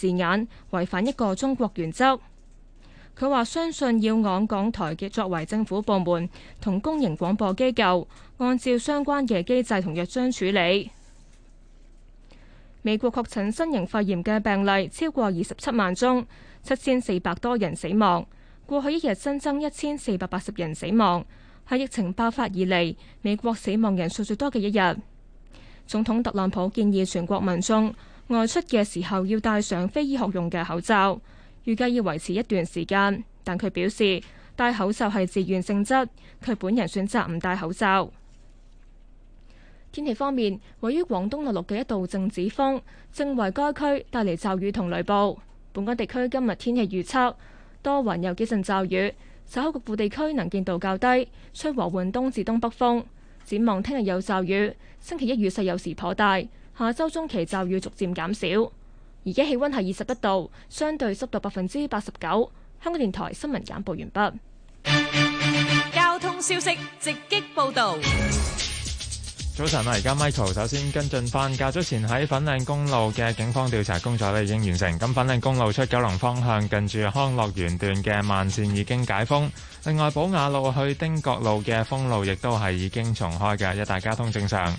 字眼違反一個中國原則。佢話相信要按港台嘅作為，政府部門同公營廣播機構按照相關嘅機制同約章處理。美國確診新型肺炎嘅病例超過二十七萬宗，七千四百多人死亡。過去一日新增一千四百八十人死亡，係疫情爆發以嚟美國死亡人數最多嘅一日。總統特朗普建議全國民眾，外出嘅時候要戴上非醫學用嘅口罩，預計要維持一段時間。但佢表示戴口罩係自願性質，佢本人選擇唔戴口罩。天氣方面，位於廣東內陸嘅一道靜止風正為該區帶嚟驟雨同雷暴。本港地區今日天氣預測多雲，有幾陣驟雨，稍後局部地區能見度較低，吹和緩東至東北風。展望聽日有驟雨，星期一雨勢有時頗大。下周中期就要逐漸減少。而家氣温係二十一度，相對濕度百分之八十九。香港電台新聞簡報完畢。交通消息直擊報導。早晨啊，而家 Michael 首先跟進返，較早前喺粉嶺公路嘅警方調查工作呢已經完成。咁粉嶺公路出九龍方向近住康樂園段嘅慢線已經解封。另外，寶雅路去丁角路嘅封路亦都係已經重開嘅，一帶交通正常。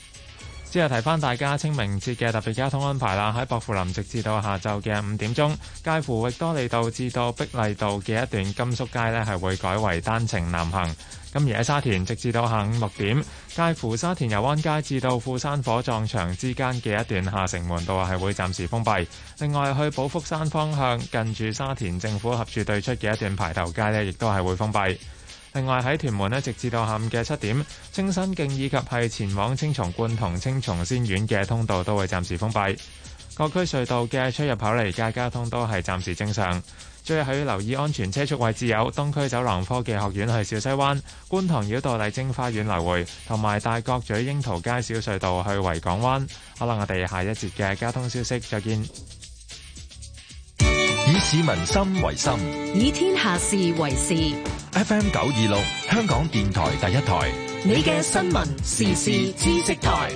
之後提翻大家清明節嘅特別交通安排啦，喺薄扶林直至到下晝嘅五點鐘，介乎域多利道至到碧麗道嘅一段金粟街呢係會改為單程南行。咁而喺沙田直至到下午六點，介乎沙田油灣街至到富山火葬場之間嘅一段下城門道係會暫時封閉。另外，去寶福山方向近住沙田政府合署對出嘅一段排頭街呢，亦都係會封閉。另外，喺屯門直至到下午嘅七點，清新徑以及係前往青松觀同青松仙苑嘅通道都會暫時封閉。各區隧道嘅出入口嚟街交通都係暫時正常。最後要留意安全車速位置，有東區走廊科技學院去小西灣、觀塘繞道麗晶花園來回，同埋大角咀櫻桃街小隧道去維港灣。好啦，我哋下一節嘅交通消息，再見。市民心為心，以天下事為事。FM 九二六，香港電台第一台。你嘅新聞時事知識台。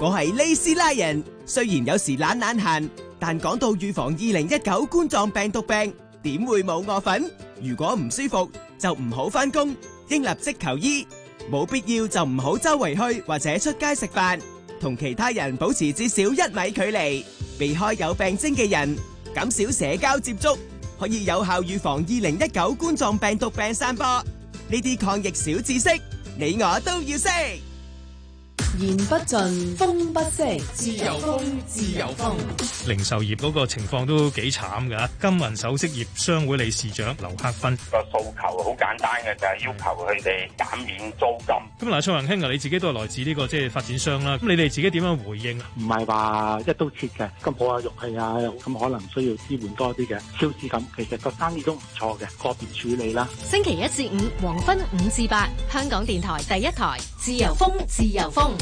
我係利斯拉人，雖然有時懶懶閒，但講到預防二零一九冠狀病毒病，點會冇我份？如果唔舒服，就唔好返工，應立即求醫。冇必要就唔好周圍去，或者出街食飯，同其他人保持至少一米距離。避開有病徵嘅人，減少社交接觸，可以有效預防二零一九冠狀病毒病散播。呢啲抗疫小知識，你我都要識。言不盡，風不息，自由風，自由風。零售業嗰個情況都幾慘噶。金銀首飾業商會理事長劉克芬個訴求好簡單嘅，就係要求佢哋減免租金。咁嗱，蔡文卿啊，你自己都係來自呢、這個即係發展商啦、啊。咁你哋自己點樣回應啊？唔係話一刀切嘅，咁好啊，玉器啊，咁可能需要支援多啲嘅。超市咁，其實個生意都唔錯嘅，個別處理啦。星期一至五，黃昏五至八，香港電台第一台，自由風，自由風。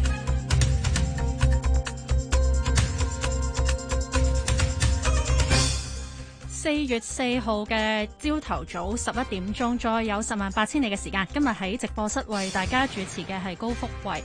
四月四號嘅朝頭早十一點鐘，再有十萬八千里嘅時間。今日喺直播室為大家主持嘅係高福慧。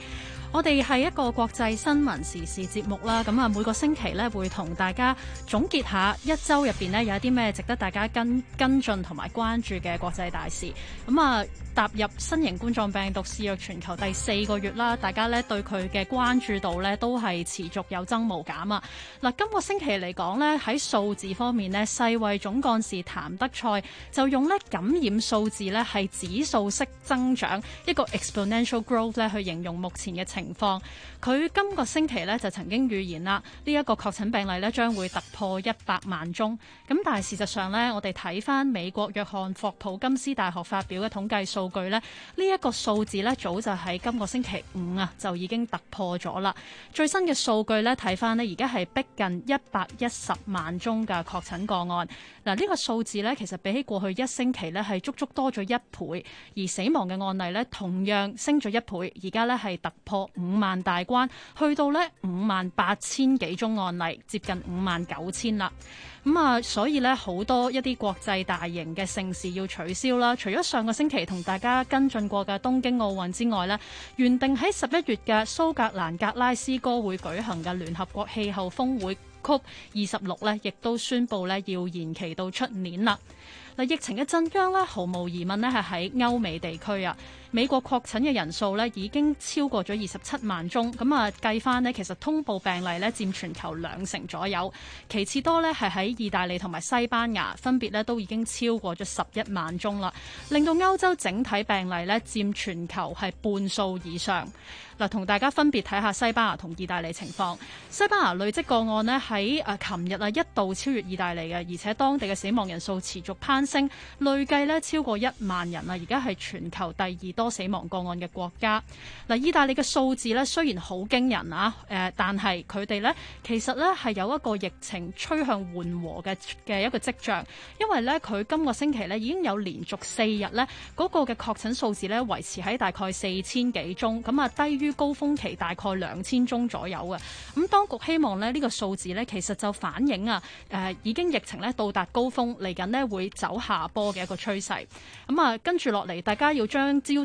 我哋係一個國際新聞時事節目啦，咁啊每個星期咧會同大家總結下一周入邊，咧有一啲咩值得大家跟跟進同埋關注嘅國際大事。咁啊踏入新型冠狀病毒肆虐全球第四個月啦，大家咧對佢嘅關注度咧都係持續有增無減啊！嗱，今個星期嚟講咧喺數字方面咧，世衛總幹事譚德塞就用咧感染數字咧係指數式增長一個 exponential growth 咧去形容目前嘅。情況，佢今個星期咧就曾經預言啦，呢一個確診病例咧將會突破一百萬宗。咁但係事實上咧，我哋睇翻美國約翰霍普金斯大學發表嘅統計數據咧，呢一個數字咧早就喺今個星期五啊就已經突破咗啦。最新嘅數據咧睇翻咧，而家係逼近一百一十萬宗嘅確診個案。嗱，呢個數字咧其實比起過去一星期咧係足足多咗一倍，而死亡嘅案例咧同樣升咗一倍，而家咧係突破。五萬大關，去到呢五萬八千幾宗案例，接近五萬九千啦。咁、嗯、啊，所以呢，好多一啲國際大型嘅盛事要取消啦。除咗上個星期同大家跟進過嘅東京奧運之外呢，原定喺十一月嘅蘇格蘭格拉斯哥會舉行嘅聯合國氣候峰會 COP 二十六呢，亦都宣佈呢要延期到出年啦。嗱，疫情嘅震央呢，毫無疑問呢係喺歐美地區啊。美國確診嘅人數咧已經超過咗二十七萬宗，咁啊計翻咧，其實通報病例咧佔全球兩成左右。其次多咧係喺意大利同埋西班牙，分別咧都已經超過咗十一萬宗啦，令到歐洲整體病例咧佔全球係半數以上。嗱，同大家分別睇下西班牙同意大利情況。西班牙累積個案咧喺誒琴日啊一度超越意大利嘅，而且當地嘅死亡人數持續攀升，累計咧超過一萬人啦，而家係全球第二多。多死亡個案嘅國家，嗱，意大利嘅數字咧雖然好驚人啊，誒、呃，但係佢哋咧其實咧係有一個疫情趨向緩和嘅嘅一個跡象，因為咧佢今個星期咧已經有連續四日咧嗰個嘅確診數字咧維持喺大概四千幾宗，咁、嗯、啊低於高峰期大概兩千宗左右嘅。咁、嗯、當局希望咧呢、呢個數字咧其實就反映啊誒、呃、已經疫情咧到達高峰，嚟緊咧會走下坡嘅一個趨勢。咁、嗯、啊、嗯、跟住落嚟，大家要將招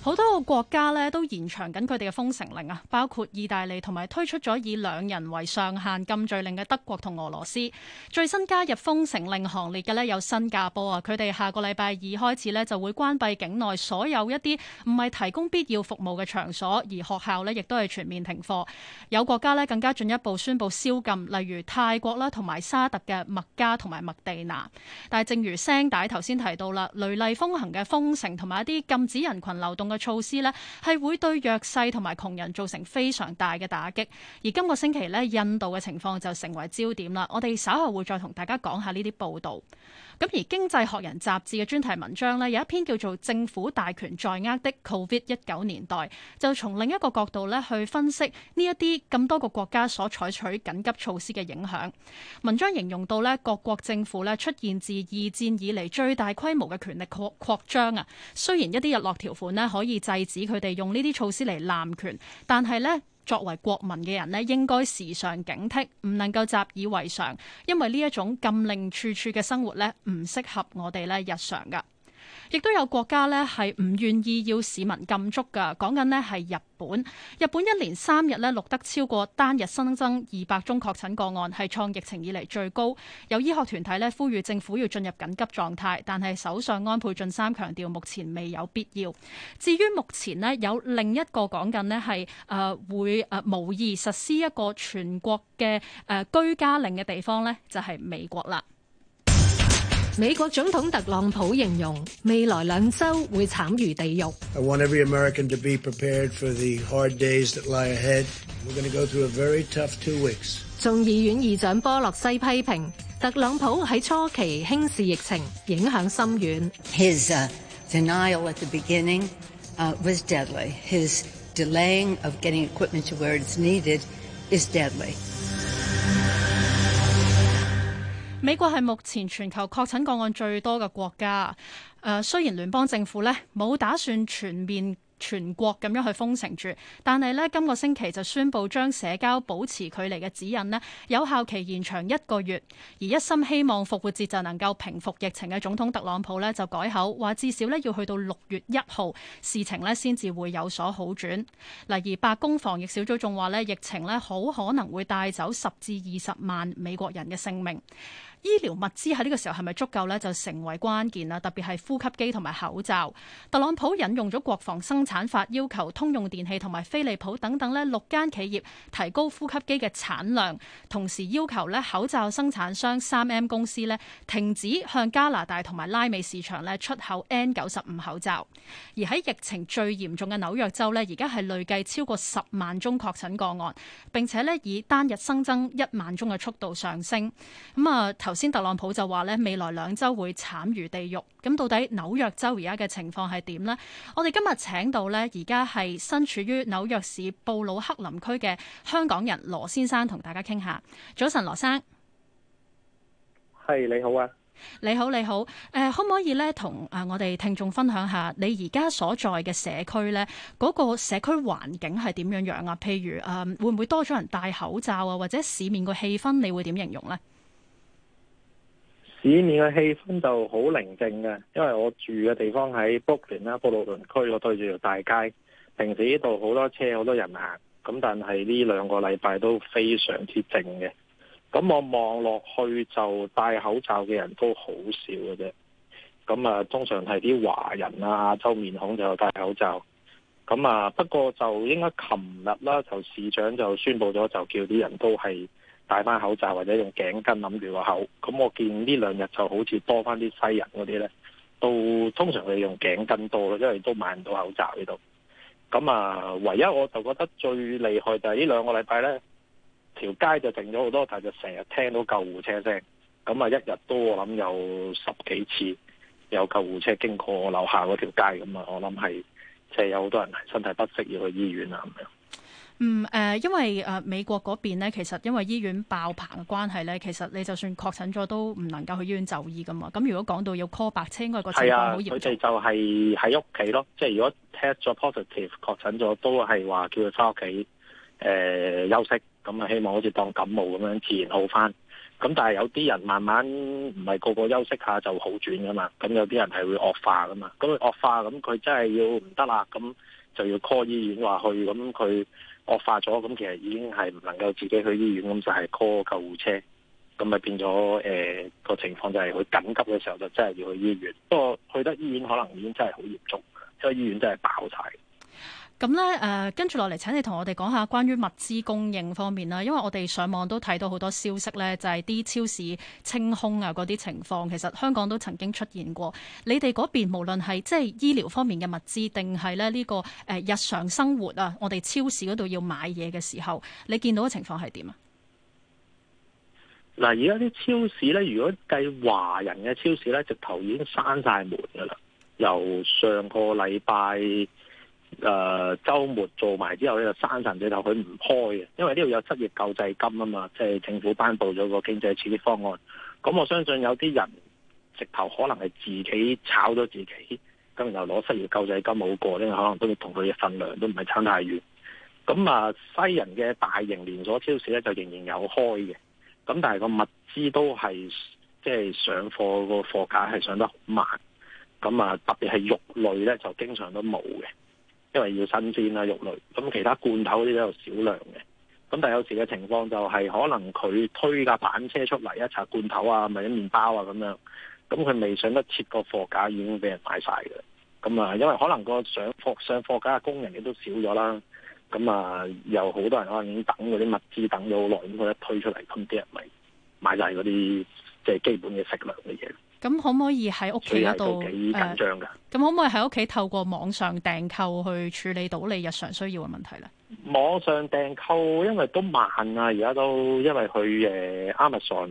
好多個國家咧都延長緊佢哋嘅封城令啊，包括意大利同埋推出咗以兩人為上限禁聚令嘅德國同俄羅斯。最新加入封城令行列嘅咧有新加坡啊，佢哋下個禮拜二開始咧就會關閉境內所有一啲唔係提供必要服務嘅場所，而學校咧亦都係全面停課。有國家咧更加進一步宣布宵禁，例如泰國啦同埋沙特嘅麥加同埋麥地那。但係正如聲帶頭先提到啦，雷厲風行嘅封城同埋一啲禁止人群流動。嘅措施呢，係會對弱勢同埋窮人造成非常大嘅打擊。而今個星期呢，印度嘅情況就成為焦點啦。我哋稍後會再同大家講下呢啲報道。咁而經濟學人雜誌嘅專題文章呢，有一篇叫做《政府大權在握的 Covid 一九年代》，就從另一個角度呢去分析呢一啲咁多個國家所採取緊急措施嘅影響。文章形容到呢，各國政府呢出現自二戰以嚟最大規模嘅權力擴擴張啊。雖然一啲日落條款呢可以制止佢哋用呢啲措施嚟濫權，但係呢。作為國民嘅人呢，應該時常警惕，唔能夠習以為常，因為呢一種禁令處處嘅生活呢，唔適合我哋呢日常噶。亦都有國家咧係唔願意要市民禁足噶，講緊呢係日本。日本一連三日咧錄得超過單日新增二百宗確診個案，係創疫情以嚟最高。有醫學團體咧呼籲政府要進入緊急狀態，但係首相安倍晉三強調目前未有必要。至於目前呢，有另一個講緊呢係誒會誒、呃、無意實施一個全國嘅誒、呃、居家令嘅地方呢，就係、是、美國啦。美國總統特朗普形容未來兩周會慘如地獄。I want every American to be prepared for the hard days that lie ahead. We're going to go through a very tough two weeks. 眾議院議長波洛西批評特朗普喺初期輕視疫情，影響深遠。His denial at the beginning was deadly. His delaying of getting equipment to where it's needed is deadly. 美國係目前全球確診個案最多嘅國家。誒、呃，雖然聯邦政府咧冇打算全面全國咁樣去封城住，但係今個星期就宣布將社交保持距離嘅指引呢有效期延長一個月。而一心希望復活節就能夠平復疫情嘅總統特朗普呢就改口話，至少要去到六月一號事情咧先至會有所好轉。嗱，而白宮防疫小組仲話疫情咧好可能會帶走十至二十萬美國人嘅性命。醫療物資喺呢個時候係咪足夠呢？就成為關鍵啦。特別係呼吸機同埋口罩。特朗普引用咗國防生產法，要求通用電器同埋飛利浦等等六間企業提高呼吸機嘅產量，同時要求口罩生產商三 M 公司停止向加拿大同埋拉美市場出口 N 九十五口罩。而喺疫情最嚴重嘅紐約州咧，而家係累計超過十萬宗確診個案，並且以單日新增一萬宗嘅速度上升。咁、嗯、啊。頭先，特朗普就話咧，未來兩周會慘如地獄。咁到底紐約州而家嘅情況係點呢？我哋今日請到咧，而家係身處於紐約市布魯克林區嘅香港人羅先生，同大家傾下。早晨，羅生，係你好啊！你好，你好。誒、呃，可唔可以咧，同誒我哋聽眾分享下你而家所在嘅社區咧，嗰個社區環境係點樣樣啊？譬如誒、呃，會唔會多咗人戴口罩啊？或者市面個氣氛你會點形容呢？市面嘅氣氛就好寧靜嘅，因為我住嘅地方喺布聯啦，布魯倫區，我對住條大街，平時呢度好多車好多人行，咁但係呢兩個禮拜都非常之靜嘅，咁我望落去就戴口罩嘅人都好少嘅啫，咁啊，通常係啲華人啊亞洲面孔就戴口罩，咁啊不過就應該琴日啦，就市長就宣布咗就叫啲人都係戴翻口罩或者用頸巾冧住個口，咁我見呢兩日就好似多翻啲西人嗰啲呢，到通常佢哋用頸巾多咯，因為都買唔到口罩喺度。咁啊，唯一我就覺得最厲害就係呢兩個禮拜呢，條街就停咗好多，但就成日聽到救護車聲，咁啊一日都我諗有十幾次有救護車經過我樓下嗰條街，咁啊我諗係即係有好多人身體不適要去醫院啊咁樣。嗯，誒、呃，因為誒、呃、美國嗰邊咧，其實因為醫院爆棚嘅關係咧，其實你就算確診咗都唔能夠去醫院就醫噶嘛。咁如果講到要 call 白車嗰個情況好嚴重。係啊，佢哋就係喺屋企咯，即係如果 test 咗 positive 確診咗，都係話叫佢翻屋企誒休息。咁啊，希望好似當感冒咁樣自然好翻。咁但係有啲人慢慢唔係個個休息下就好轉噶嘛。咁有啲人係會惡化噶嘛。咁佢惡化咁佢真係要唔得啦，咁就要 call 醫院話去，咁佢。惡化咗，咁其實已經係唔能夠自己去醫院，咁就係 call 救護車，咁咪變咗誒、呃，那個情況就係佢緊急嘅時候就真係要去醫院，不過去得醫院可能已經真係好嚴重，因為醫院真係爆曬。咁咧，誒跟住落嚟，請你同我哋講下關於物資供應方面啦，因為我哋上網都睇到好多消息咧，就係啲超市清空啊嗰啲情況，其實香港都曾經出現過。你哋嗰邊無論係即係醫療方面嘅物資，定係咧呢個誒日常生活啊，我哋超市嗰度要買嘢嘅時候，你見到嘅情況係點啊？嗱，而家啲超市咧，如果計華人嘅超市咧，直頭已經閂晒門噶啦，由上個禮拜。誒週末做埋之後咧，生神對頭佢唔開嘅，因為呢度有失業救濟金啊嘛，即係政府頒佈咗個經濟刺激方案。咁我相信有啲人直頭可能係自己炒咗自己，咁又攞失業救濟金冇過咧，可能都要同佢嘅份量都唔係差太遠。咁啊，西人嘅大型連鎖超市咧就仍然有開嘅，咁但係個物資都係即係上貨個貨架係上得好慢。咁啊，特別係肉類咧就經常都冇嘅。因為要新鮮啦，肉類咁其他罐頭呢啲都有少量嘅，咁但係有時嘅情況就係可能佢推架板車出嚟一紮罐頭啊，或者麵包啊咁樣，咁佢未上得切個貨架已經俾人買晒嘅，咁啊因為可能個上貨上貨架嘅工人亦都少咗啦，咁啊有好多人可能已經等嗰啲物資等咗好耐，咁佢一推出嚟，咁啲人咪買晒嗰啲即係基本嘅食糧嘅嘢。咁可唔可以喺屋企嗰度？幾緊張噶！咁、啊、可唔可以喺屋企透過網上訂購去處理到你日常需要嘅問題咧？網上訂購因為都慢啊，而家都因為佢、誒，Amazon、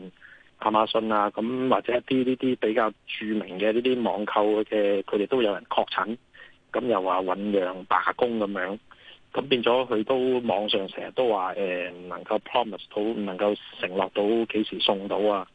亞馬遜啊，咁或者一啲呢啲比較著名嘅呢啲網購嘅，佢哋都有人確診，咁又話醞釀罷工咁樣，咁變咗佢都網上成日都話誒，欸、能夠 promise 到，唔能夠承諾到幾時送到啊？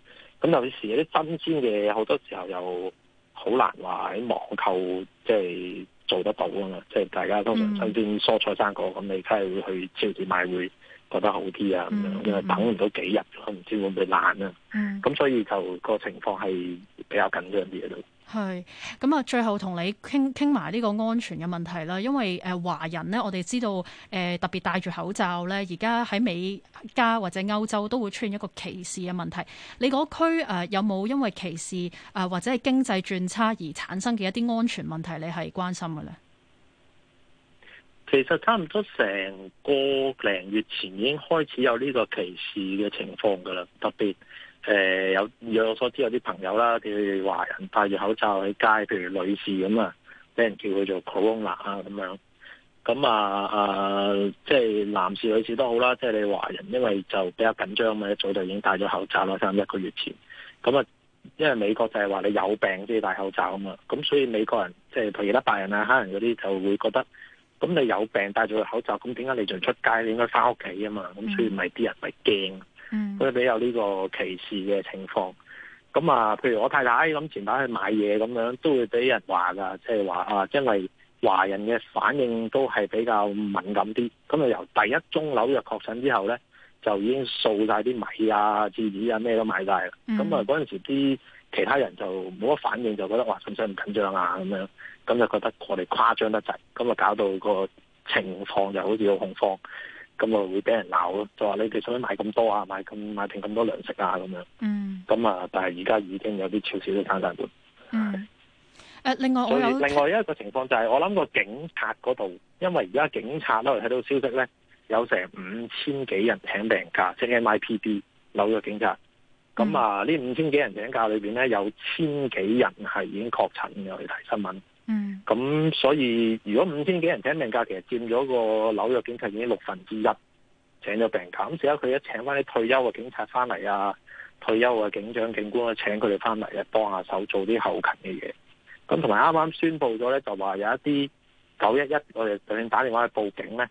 咁有時有啲新鮮嘅好多時候又好難話喺網購即係做得到啊嘛！即係大家通常身邊蔬菜生果，咁你梗係會去超市買，會覺得好啲啊咁樣，因為、嗯嗯嗯嗯、等唔到幾日，唔知會唔會爛啊！咁、嗯嗯嗯、所以就個情況係比較緊張啲嘢。係咁啊！最後同你傾傾埋呢個安全嘅問題啦，因為誒華人呢，我哋知道誒特別戴住口罩呢，而家喺美加或者歐洲都會出現一個歧視嘅問題。你嗰區有冇因為歧視誒或者係經濟轉差而產生嘅一啲安全問題？你係關心嘅呢？其實差唔多成個零月前已經開始有呢個歧視嘅情況㗎喇，特別。誒、呃，有以我所知有啲朋友啦，譬如華人戴住口罩喺街，譬如女士咁啊，俾人叫佢做 corona 啊咁樣，咁啊啊，即係男士女士都好啦，即係你華人因為就比較緊張嘛，一早就已經戴咗口罩咯，差唔多一個月前，咁啊，因為美國就係話你有病先要戴口罩啊嘛，咁所以美國人即係譬如咧白人啊黑人嗰啲就會覺得，咁你有病戴咗個口罩，咁點解你仲出街？你應該翻屋企啊嘛，咁所以咪啲人咪驚。佢、嗯、比較呢個歧視嘅情況。咁啊，譬如我太太咁前排去買嘢咁樣，都會俾人話噶，即係話啊，因為華人嘅反應都係比較敏感啲。咁啊，由第一宗紐約確診之後咧，就已經掃晒啲米啊、紙啊咩都買晒啦。咁啊，嗰陣、嗯、時啲其他人就冇乜反應，就覺得哇，緊張唔緊張啊咁樣，咁就覺得我哋誇張得滯，咁啊搞到個情況就好似好恐慌。咁啊，會俾人鬧咯，就話你哋想唔想買咁多啊？買咁買定咁多糧食啊，咁樣。嗯。咁啊，但係而家已經有啲超少嘅慘曬本。嗯。是另外另外一個情況就係、是，我諗個警察嗰度，因為而家警察都我睇到消息咧，有成五千幾人請病假，即係 NYPD 紐約警察。咁啊，呢五、嗯、千幾人請假裏邊咧，有千幾人係已經確診嘅，我睇新聞。嗯，咁所以如果五千幾人請病假，其實佔咗個紐約警察已經六分之一請咗病假。咁而家佢一請翻啲退休嘅警察翻嚟啊，退休嘅警長警官啊，請佢哋翻嚟咧幫下手做啲後勤嘅嘢。咁同埋啱啱宣布咗咧，就話有一啲九一一我哋就算打電話去報警咧，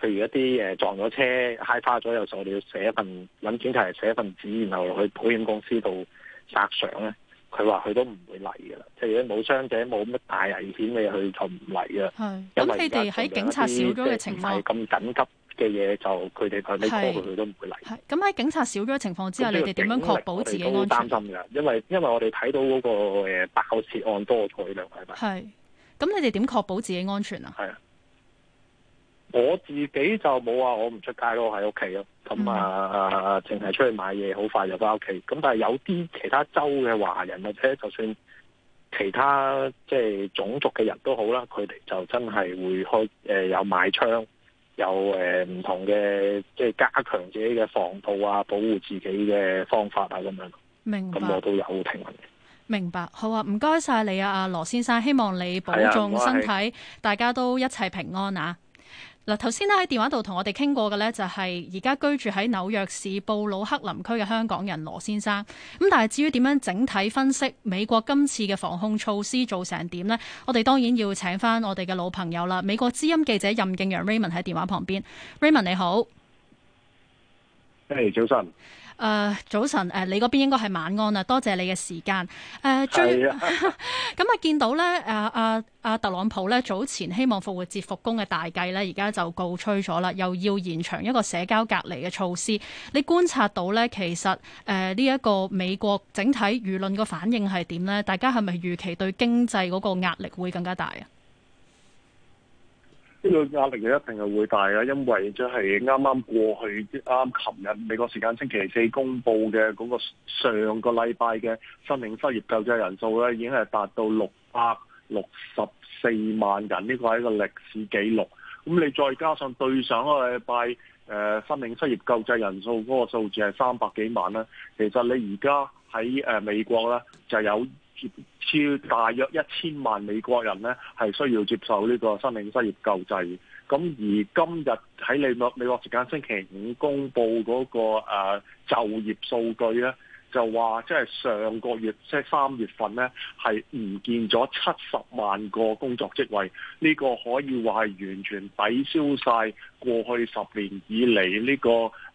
譬如一啲誒撞咗車揩花咗右傻，有時候我哋要寫一份揾警察嚟寫一份紙，然後去保險公司度索償咧。佢話：佢都唔會嚟㗎啦，即係如果冇傷者、冇乜大危險嘅嘢，佢就唔嚟啊。咁係你哋喺警察少咗嘅情況，咁緊急嘅嘢，就佢哋佢過去，佢係都唔會嚟。係，咁喺警察少咗嘅情況之下，你哋點樣確保自己安全？我哋都擔心㗎，因為因為我哋睇到嗰個爆竊案多咗兩個禮拜。係，咁你哋點確保自己安全啊？係啊。我自己就冇話我唔出街咯，喺屋企咯。咁啊、嗯、啊，淨係出去買嘢，好快就翻屋企咁但係有啲其他州嘅華人或者就算其他即係種族嘅人都好啦，佢哋就真係會開誒、呃，有買槍，有誒唔、呃、同嘅即係加強自己嘅防暴啊，保護自己嘅方法啊，咁樣。明白。咁我都有聽。明白，好啊，唔該晒你啊，阿羅先生。希望你保重身體，啊、謝謝大家都一切平安啊！嗱，頭先呢喺電話度同我哋傾過嘅呢，就係而家居住喺紐約市布魯克林區嘅香港人羅先生。咁但係至於點樣整體分析美國今次嘅防控措施做成點呢？我哋當然要請返我哋嘅老朋友啦。美國之音記者任敬陽 Raymond 喺電話旁邊，Raymond 你好 hey，誒早晨。誒，uh, 早晨！誒，你嗰邊應該係晚安啦，多謝你嘅時間。誒，uh，最咁的 啊，見到咧，誒，阿阿特朗普咧，早前希望復活節復工嘅大計咧，而家就告吹咗啦，又要延長一個社交隔離嘅措施。你觀察到咧，其實誒呢一個美國整體輿論嘅反應係點咧？大家係咪預期對經濟嗰個壓力會更加大啊？呢個壓力就一定係會大嘅，因為即係啱啱過去啱啱琴日美國時間星期四公佈嘅嗰個上個禮拜嘅新領失業救濟人數咧，已經係達到六百六十四萬人，呢個係一個歷史紀錄。咁你再加上對上個禮拜誒新領失業救濟人數嗰個數字係三百幾萬啦，其實你而家喺誒美國咧就有。超大約一千萬美國人呢，係需要接受呢個新領失業救濟。咁而今日喺你美美國時間星期五公佈嗰個就業數據呢，就話即係上個月即係三月份呢，係唔見咗七十萬個工作職位。呢個可以話係完全抵消晒過去十年以嚟呢個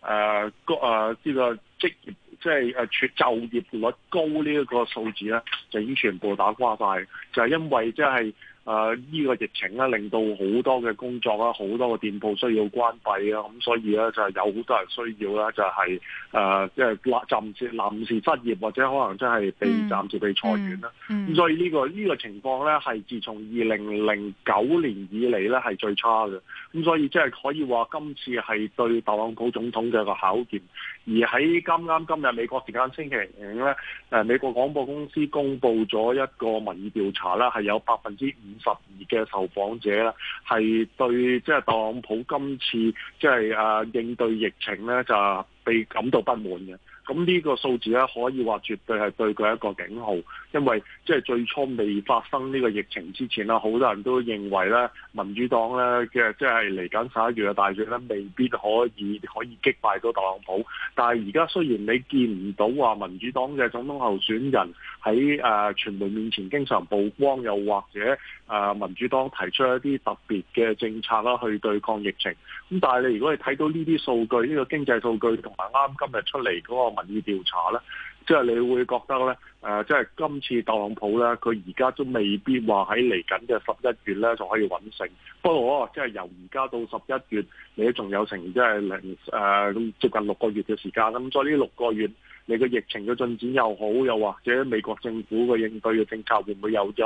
誒個呢個職業。即係誒，處就，就業率高呢一個數字咧，就已經全部打瓜晒。就係因為即係。誒呢、啊這個疫情咧，令到好多嘅工作好多嘅店鋪需要關閉啊，咁所以咧就有好多人需要呢就係誒即係暫時臨時失業，或者可能真係被暫時被裁員啦。咁、嗯嗯、所以呢、這個呢、這個情況咧，係自從二零零九年以嚟咧係最差嘅。咁所以即係可以話今次係對特朗普總統嘅一個考驗。而喺今啱今日美國時間星期二咧，誒美國廣播公司公佈咗一個民意調查啦，係有百分之五。五十二嘅受訪者咧，係對即係特朗普今次即係誒應對疫情咧，就係被感到不滿嘅。咁呢個數字咧，可以話絕對係對佢一個警號，因為即係最初未發生呢個疫情之前啦，好多人都認為咧，民主黨咧即係嚟緊十一月嘅大選咧，未必可以可以擊敗到特朗普。但係而家雖然你見唔到話民主黨嘅總統候選人喺誒傳媒面前經常曝光，又或者誒民主黨提出一啲特別嘅政策啦，去對抗疫情。咁但係你如果你睇到呢啲數據，呢個經濟數據同埋啱今日出嚟嗰個。民意調查咧，即係你會覺得咧，誒、呃，即係今次特朗普咧，佢而家都未必話喺嚟緊嘅十一月咧就可以穩成。不過我即係由而家到十一月，你仲有成即係零誒，接近六個月嘅時間。咁所以呢六個月，你嘅疫情嘅進展又好，又或者美國政府嘅應對嘅政策會唔會又再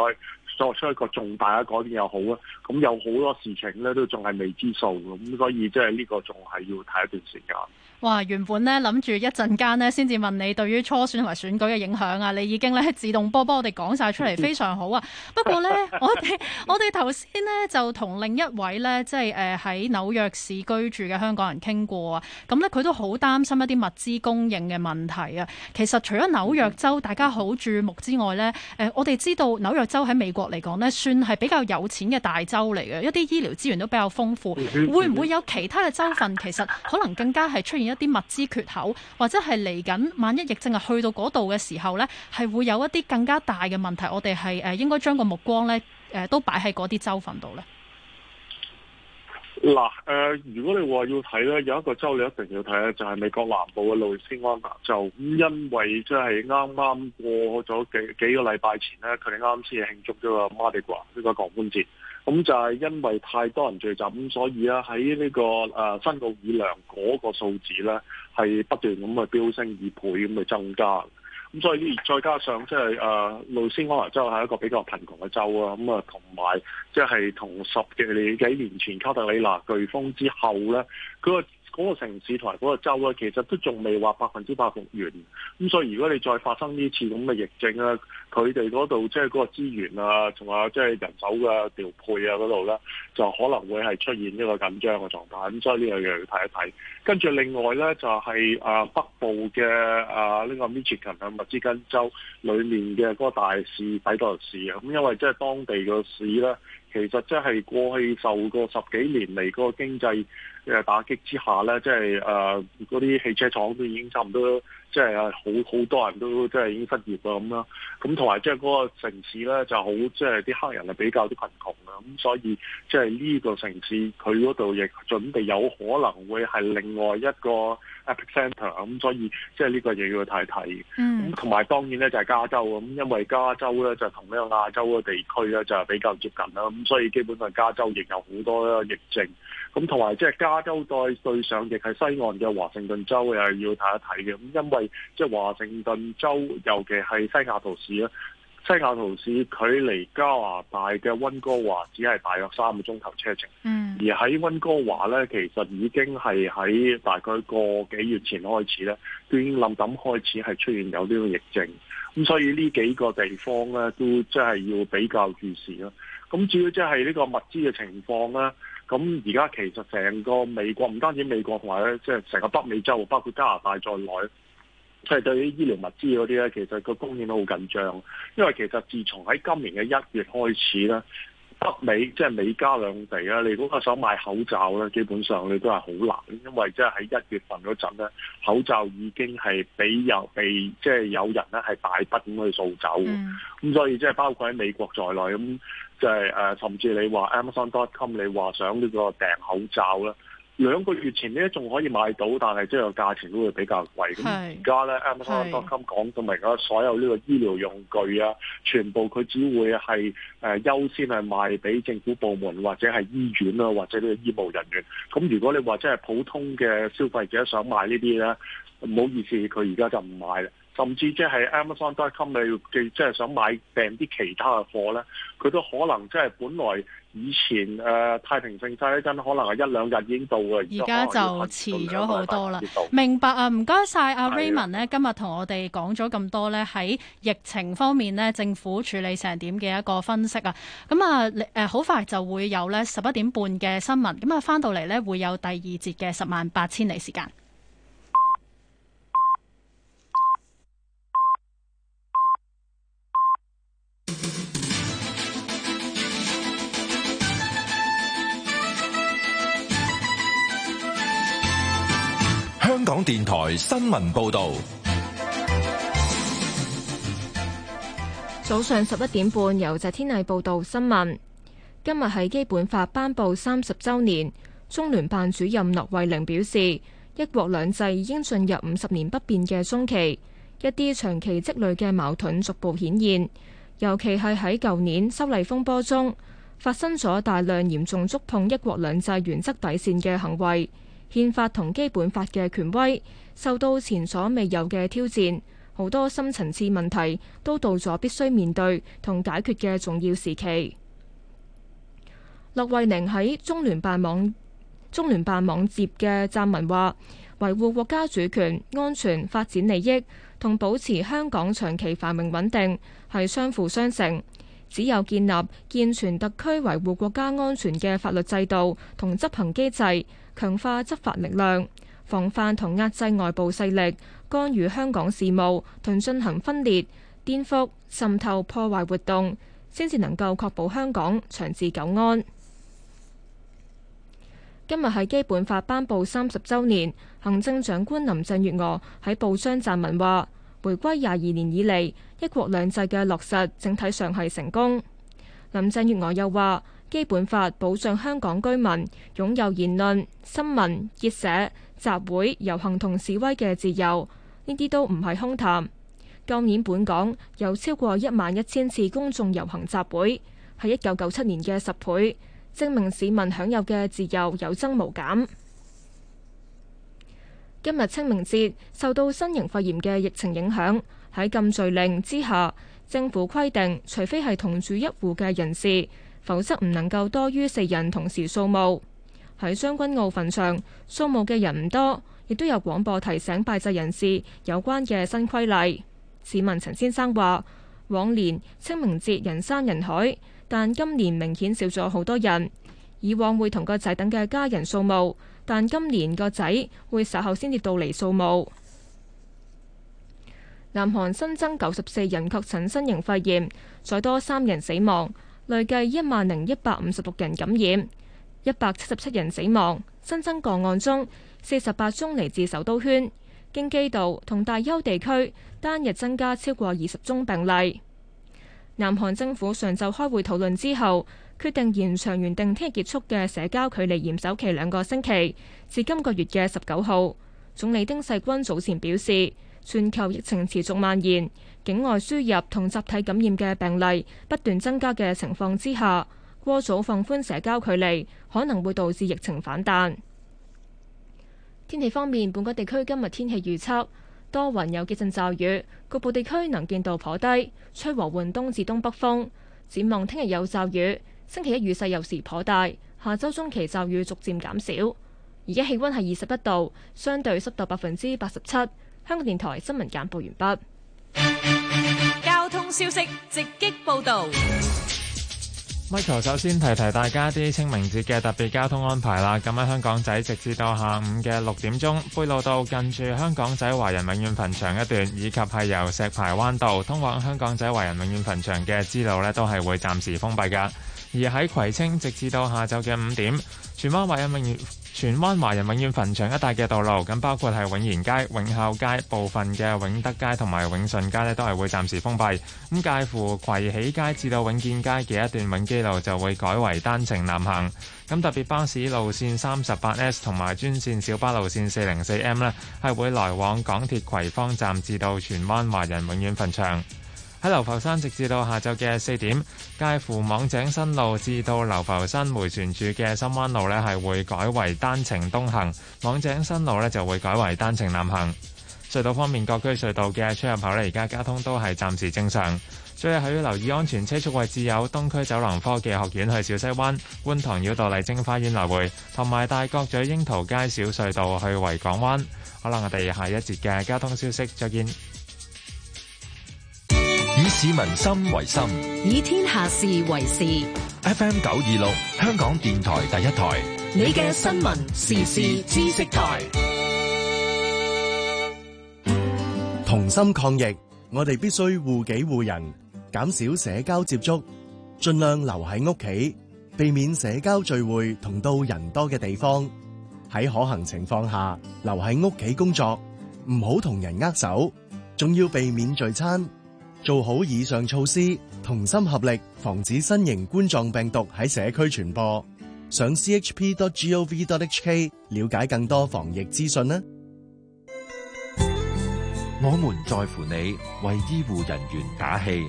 作出一個重大嘅改變又好咧？咁有好多事情咧都仲係未知數，咁所以即係呢個仲係要睇一段時間。哇！原本咧諗住一陣間咧先至問你對於初選同埋選舉嘅影響啊，你已經咧自動波波我哋講晒出嚟，非常好啊！不過咧， 我哋我哋頭先咧就同另一位咧即係呃喺紐約市居住嘅香港人傾過啊，咁咧佢都好擔心一啲物資供應嘅問題啊。其實除咗紐約州大家好注目之外咧、呃，我哋知道紐約州喺美國嚟講咧算係比較有錢嘅大州嚟嘅，一啲醫療資源都比較豐富。 會唔會有其他嘅州份其實可能更加係出現一啲物資缺口，或者係嚟緊，萬一疫症啊去到嗰度嘅時候呢，係會有一啲更加大嘅問題。我哋係誒，應該將個目光呢誒，都擺喺嗰啲州份度呢。嗱誒，如果你話要睇呢，有一個州你一定要睇呢，就係美國南部嘅路易斯安那州。咁因為即係啱啱過咗幾幾個禮拜前呢，佢哋啱先慶祝咗阿馬丁華呢個狂歡節。咁、嗯、就係、是、因為太多人聚集，咁所以咧喺呢個誒、啊、新奧爾良嗰個數字咧係不斷咁去飆升二倍咁去增加。咁、嗯、所以呢，再加上即係誒路易斯安那州係一個比較貧窮嘅州啊，咁啊同埋即係同十幾年幾年前卡特里娜颶風之後咧，嗰嗰個城市同埋嗰個州咧，其實都仲未話百分之百復原，咁所以如果你再發生呢次咁嘅疫症啊，佢哋嗰度即係嗰個資源啊，仲有即係人手嘅調配啊嗰度咧，就可能會係出現一個緊張嘅狀態，咁所以呢樣嘢要睇一睇。跟住另外咧就係啊北部嘅啊呢個 Michigan 啊密芝根州裏面嘅嗰個大市底特律市啊，咁因為即係當地嘅市咧，其實即係過去受過十幾年嚟個經濟嘅打擊之下咧，即係誒嗰啲汽車廠都已經差唔多，即係啊，好好多人都即係、就是、已經失業啊咁啦。咁同埋即係嗰個城市咧就好，即係啲黑人係比較啲貧窮嘅咁，所以即係呢個城市佢嗰度亦準備有可能會係另外一個 epicenter 咁，所以即係呢個嘢要睇睇。咁同埋當然咧就係加州咁，因為加州咧就同呢個亞洲嘅地區咧就係比較接近啦，咁所以基本上加州亦有好多疫症。咁同埋即係加州再對上，亦係西岸嘅華盛頓州，又係要睇一睇嘅。咁因為即係華盛頓州，尤其係西雅圖市啦，西雅圖市距離加拿大嘅温哥華只係大約三個鐘頭車程。嗯。而喺温哥華咧，其實已經係喺大概個幾月前開始咧，都已經臨臨開始係出現有呢個疫症。咁所以呢幾個地方咧，都真係要比較注視啦。咁主要即係呢個物資嘅情況呢？咁而家其實成個美國唔單止美國同埋咧，即係成個北美洲包括加拿大在內，即係對於醫療物資嗰啲咧，其實個供應都好緊張。因為其實自從喺今年嘅一月開始咧，北美即係、就是、美加兩地咧，你如果想買口罩咧，基本上你都係好難，因為即係喺一月份嗰陣咧，口罩已經係俾有被即係有人咧係大筆咁去掃走，咁、嗯、所以即係包括喺美國在內咁。就係誒，甚至你話 Amazon.com，你話想呢個訂口罩咧，兩個月前咧仲可以買到，但係即係個價錢都會比較貴。咁而家咧，Amazon.com 講到明，所有呢個醫療用具啊，全部佢只會係誒、呃、優先係賣俾政府部門或者係醫院啦，或者呢個醫，醫務人員。咁如果你話即係普通嘅消費者想買呢啲咧，唔好意思，佢而家就唔買啦。甚至即係 Amazon 都 come 你即係想買定啲其他嘅貨咧，佢都可能即係本來以前、呃、太平盛世一陣，可能係一兩日已經到嘅，而家就遲咗好多啦。明白啊，唔該晒阿 Raymond 咧，今日同我哋講咗咁多咧，喺疫情方面咧，政府處理成點嘅一個分析啊。咁啊誒好快就會有咧十一點半嘅新聞，咁啊翻到嚟咧會有第二節嘅十萬八千里時間。香港電台新聞報道，早上十一點半由謝天麗報道新聞。今日係基本法頒布三十周年，中聯辦主任駱惠寧表示，一國兩制已經進入五十年不變嘅中期，一啲長期積累嘅矛盾逐步顯現，尤其係喺舊年修例風波中發生咗大量嚴重觸碰一國兩制原則底線嘅行為。憲法同基本法嘅權威受到前所未有嘅挑戰，好多深層次問題都到咗必須面對同解決嘅重要時期。駱惠寧喺中聯辦網中聯辦網接嘅撰文話：維護國家主權、安全、發展利益同保持香港長期繁榮穩定係相輔相成，只有建立健全特區維護國家安全嘅法律制度同執行機制。強化執法力量，防範同壓制外部勢力干預香港事務同進行分裂、顛覆、滲透、破壞活動，先至能夠確保香港長治久安。今日係基本法頒布三十週年，行政長官林鄭月娥喺報章撰文話：「回歸廿二年以嚟，一國兩制嘅落實整體上係成功」。林鄭月娥又話：基本法保障香港居民擁有言論、新聞、結社、集會、遊行同示威嘅自由，呢啲都唔係空談。今年本港有超過一萬一千次公眾遊行集會，係一九九七年嘅十倍，證明市民享有嘅自由有增無減。今日清明節受到新型肺炎嘅疫情影響，喺禁聚令之下，政府規定，除非係同住一戶嘅人士。否則唔能夠多於四人同時掃墓。喺將軍澳墳場，掃墓嘅人唔多，亦都有廣播提醒拜祭人士有關嘅新規例。市民陳先生話：往年清明節人山人海，但今年明顯少咗好多人。以往會同個仔等嘅家人掃墓，但今年個仔會稍後先至到嚟掃墓。南韓新增九十四人確診新型肺炎，再多三人死亡。累計一萬零一百五十六人感染，一百七十七人死亡。新增個案中，四十八宗嚟自首都圈、京畿道同大邱地區，單日增加超過二十宗病例。南韓政府上晝開會討論之後，決定延長原定聽日結束嘅社交距離嚴守期兩個星期，至今個月嘅十九號。總理丁世均早前表示，全球疫情持續蔓延。境外輸入同集體感染嘅病例不斷增加嘅情況之下，過早放寬社交距離可能會導致疫情反彈。天氣方面，本港地區今日天氣預測多雲有幾陣驟雨，局部地區能見度頗低，吹和緩東至東北風，展望聽日有驟雨，星期一雨勢有時頗大，下周中期驟雨逐漸減少。而家氣温係二十一度，相對濕度百分之八十七。香港電台新聞簡報完畢。交通消息直擊報道。Michael 首先提提大家啲清明節嘅特別交通安排啦。咁喺香港仔，直至到下午嘅六點鐘，貝路道近住香港仔華人永遠墳場一段，以及係由石排灣道通往香港仔華人永遠墳場嘅支路呢，都係會暫時封閉噶。而喺葵青，直至到下晝嘅五點，荃灣華人永遠荃灣華人永遠墳場一帶嘅道路，咁包括係永賢街、永孝街部分嘅永德街同埋永順街咧，都係會暫時封閉。咁介乎葵喜街至到永健街嘅一段永基路就會改為單程南行。咁特別巴士路線三十八 S 同埋專線小巴路線四零四 M 咧，係會來往港鐵葵芳站至到荃灣華人永遠墳場。喺流浮山直至到下晝嘅四點，介乎網井新路至到流浮山回旋處嘅深灣路呢係會改為單程東行；網井新路呢就會改為單程南行。隧道方面，各區隧道嘅出入口呢而家交通都係暫時正常。最後，要留意安全車車速位置有東區走廊科技學院去小西灣、觀塘繞道麗晶花園來回，同埋大角咀櫻桃街小隧道去維港灣。好啦，我哋下一節嘅交通消息，再見。市民心為心，以天下事為事。FM 九二六，香港電台第一台，你嘅新聞時事知識台。同心抗疫，我哋必須護己護人，減少社交接觸，盡量留喺屋企，避免社交聚會同到人多嘅地方。喺可行情況下，留喺屋企工作，唔好同人握手，仲要避免聚餐。做好以上措施，同心合力，防止新型冠狀病毒喺社區傳播。上 chp.gov.hk 了解更多防疫資訊啦。我們在乎你，為醫護人員打氣。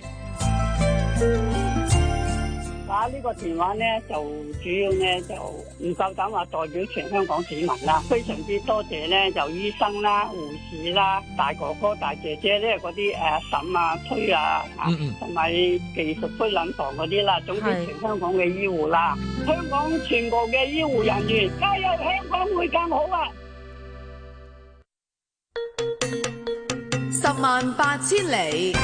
呢、啊這個電話咧就主要咧就唔夠膽話代表全香港市民啦，非常之多謝咧，由醫生啦、護士啦、大哥哥、大姐姐咧，嗰啲誒，嬸啊、推啊，同埋、啊啊嗯、技術推冷房嗰啲啦，總之全香港嘅醫護啦，是香港全部嘅醫護人員加油，香港會更好啊！十萬八千里。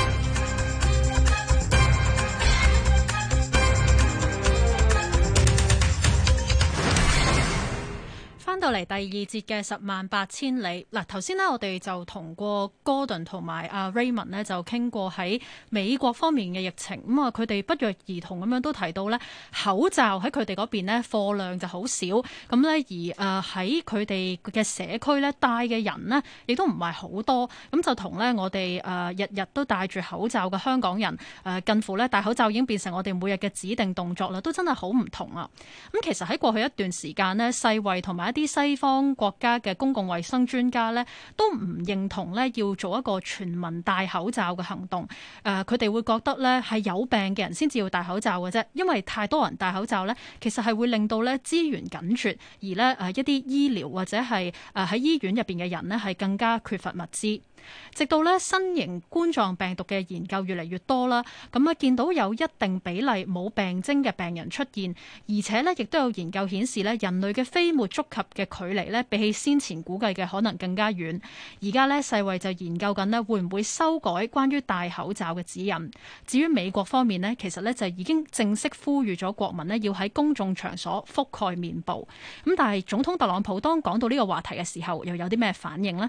翻到嚟第二節嘅十萬八千里嗱，頭先呢，我哋就同過 Gordon 同埋阿 Raymond 呢，就傾過喺美國方面嘅疫情，咁啊佢哋不約而同咁樣都提到呢，口罩喺佢哋嗰邊呢貨量就好少，咁呢，而誒喺佢哋嘅社區呢，戴嘅人呢，亦都唔係好多，咁就同呢，我哋誒日日都戴住口罩嘅香港人誒近乎呢，戴口罩已經變成我哋每日嘅指定動作啦，都真係好唔同啊！咁其實喺過去一段時間呢，世衛同埋一啲啲西方國家嘅公共衛生專家咧，都唔認同咧要做一個全民戴口罩嘅行動。誒、呃，佢哋會覺得咧係有病嘅人先至要戴口罩嘅啫，因為太多人戴口罩咧，其實係會令到咧資源緊缺，而咧誒一啲醫療或者係誒喺醫院入邊嘅人咧係更加缺乏物資。直到呢，新型冠狀病毒嘅研究越嚟越多啦，咁啊見到有一定比例冇病徵嘅病人出現，而且呢，亦都有研究顯示呢，人類嘅飛沫觸及嘅距離呢，比起先前估計嘅可能更加遠。而家呢，世衛就研究緊呢，會唔會修改關於戴口罩嘅指引。至於美國方面呢，其實呢就已經正式呼籲咗國民呢，要喺公眾場所覆蓋面部。咁但係總統特朗普當講到呢個話題嘅時候，又有啲咩反應呢？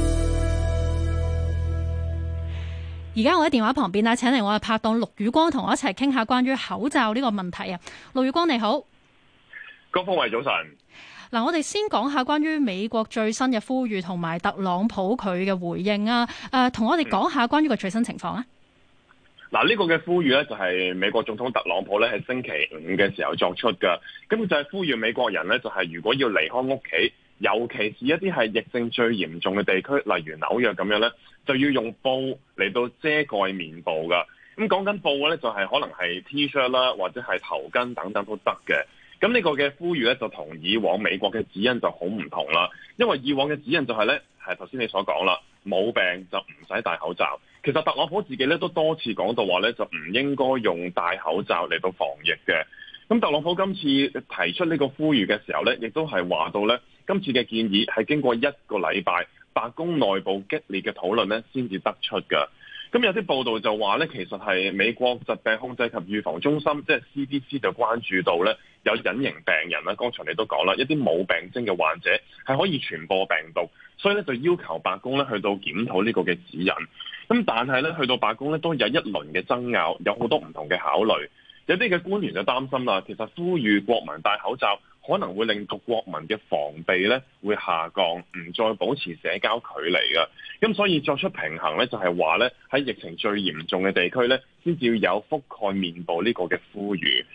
而家我喺電話旁邊啊，請嚟我嘅拍檔陸宇光同我一齊傾下關於口罩呢個問題啊，陸宇光你好，江峰偉早晨。嗱，我哋先講下關於美國最新嘅呼籲同埋特朗普佢嘅回應啊。誒、呃，同我哋講下關於個最新情況啊。嗱、嗯、呢、這個嘅呼籲呢，就係美國總統特朗普呢係星期五嘅時候作出噶，咁就係呼籲美國人呢，就係如果要離開屋企。尤其是一啲係疫症最嚴重嘅地區，例如紐約咁樣呢，就要用布嚟到遮蓋面部噶。咁講緊布呢，就係、是、可能係 T 恤啦，shirt，或者係頭巾等等都得嘅。咁、嗯、呢、呢個嘅呼籲呢，就同以往美國嘅指引就好唔同啦。因為以往嘅指引就係、是、呢，係頭先你所講啦，冇病就唔使戴口罩。其實特朗普自己呢，都多次講到話呢，就唔應該用戴口罩嚟到防疫嘅。咁、嗯、特朗普今次提出呢個呼籲嘅時候呢，亦都係話到呢。今次嘅建議係經過一個禮拜，白宮內部激烈嘅討論咧，先至得出嘅。咁有啲報道就話咧，其實係美國疾病控制及預防中心，即係 CDC 就關注到咧，有隱形病人啦。剛才你都講啦，一啲冇病徵嘅患者係可以傳播病毒，所以咧就要求白宮咧去到檢討呢個嘅指引。咁但係咧去到白宮咧都有一輪嘅爭拗，有好多唔同嘅考慮。有啲嘅官員就擔心啦，其實呼籲國民戴口罩，可能會令到國民嘅防備咧，會下降，唔再保持社交距離嘅。咁所以作出平衡咧，就係話咧，喺疫情最嚴重嘅地區咧，先至有覆蓋面部呢個嘅呼籲。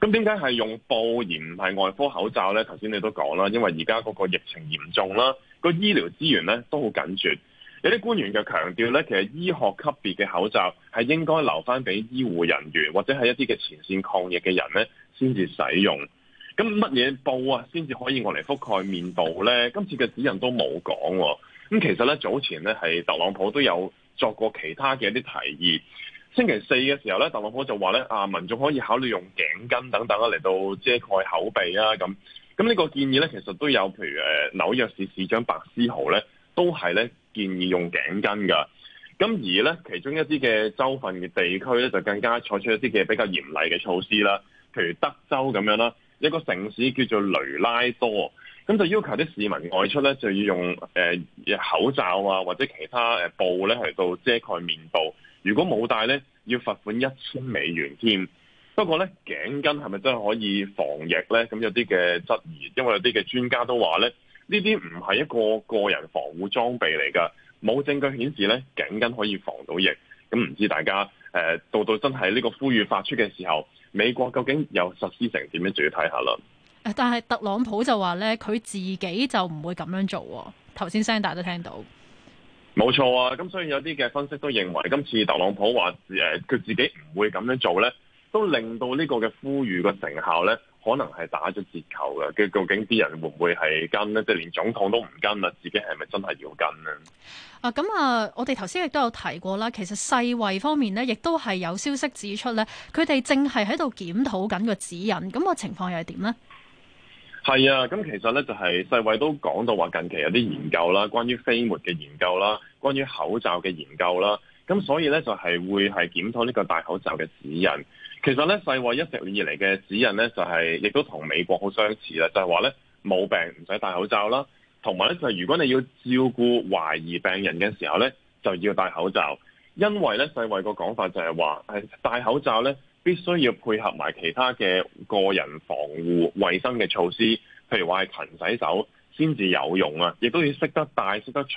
咁點解係用布而唔係外科口罩咧？頭先你都講啦，因為而家嗰個疫情嚴重啦，個醫療資源咧都好緊缺。有啲官員就強調咧，其實醫學級別嘅口罩係應該留翻俾醫護人員或者係一啲嘅前線抗疫嘅人咧，先至使用。咁乜嘢布啊，先至可以用嚟覆蓋面部咧？今次嘅指引都冇講。咁其實咧，早前咧係特朗普都有作過其他嘅一啲提議。星期四嘅時候咧，特朗普就話咧啊，民眾可以考慮用頸巾等等嚟到遮蓋口鼻啊。咁咁呢個建議咧，其實都有誒，譬如紐約市市長白思豪咧，都係咧建議用頸巾㗎。咁而咧，其中一啲嘅州份嘅地區咧，就更加採取一啲嘅比較嚴厲嘅措施啦，譬如德州咁樣啦。一個城市叫做雷拉多，咁就要求啲市民外出咧就要用、呃、口罩啊，或者其他布咧去到遮蓋面部。如果冇帶咧，要罰款一千美元添。不過咧，頸巾係咪真係可以防疫咧？咁有啲嘅質疑，因為有啲嘅專家都話咧，呢啲唔係一個個人防護裝備嚟㗎，冇證據顯示咧頸巾可以防到疫。咁唔知大家？誒，到到真係呢個呼籲發出嘅時候，美國究竟有實施成點樣，仲要睇下啦。但係特朗普就話呢，佢自己就唔會咁樣做喎。頭先聲，大家都聽到。冇錯啊，咁所以有啲嘅分析都認為，今次特朗普話誒，佢自己唔會咁樣做呢，都令到呢個嘅呼籲嘅成效呢。可能係打咗折扣嘅，究竟啲人會唔會係跟呢？即係連總統都唔跟啦，自己係咪真係要跟呢？啊，咁啊，我哋頭先亦都有提過啦。其實世衞方面呢，亦都係有消息指出呢，佢哋正係喺度檢討緊個指引。咁個情況又係點呢？係啊，咁其實呢，就係世衞都講到話近期有啲研究啦，關於飛沫嘅研究啦，關於口罩嘅研究啦。咁所以呢，就係會係檢討呢個戴口罩嘅指引。其實咧，世衛一直以嚟嘅指引咧，就係、係、亦都同美國好相似啦。就係話咧，冇病唔使戴口罩啦，同埋咧就係如果你要照顧懷疑病人嘅時候咧，就要戴口罩。因為咧，世衛個講法就係話，係戴口罩咧必須要配合埋其他嘅個人防護衛生嘅措施，譬如話係勤洗手先至有用啊，亦都要識得戴識得除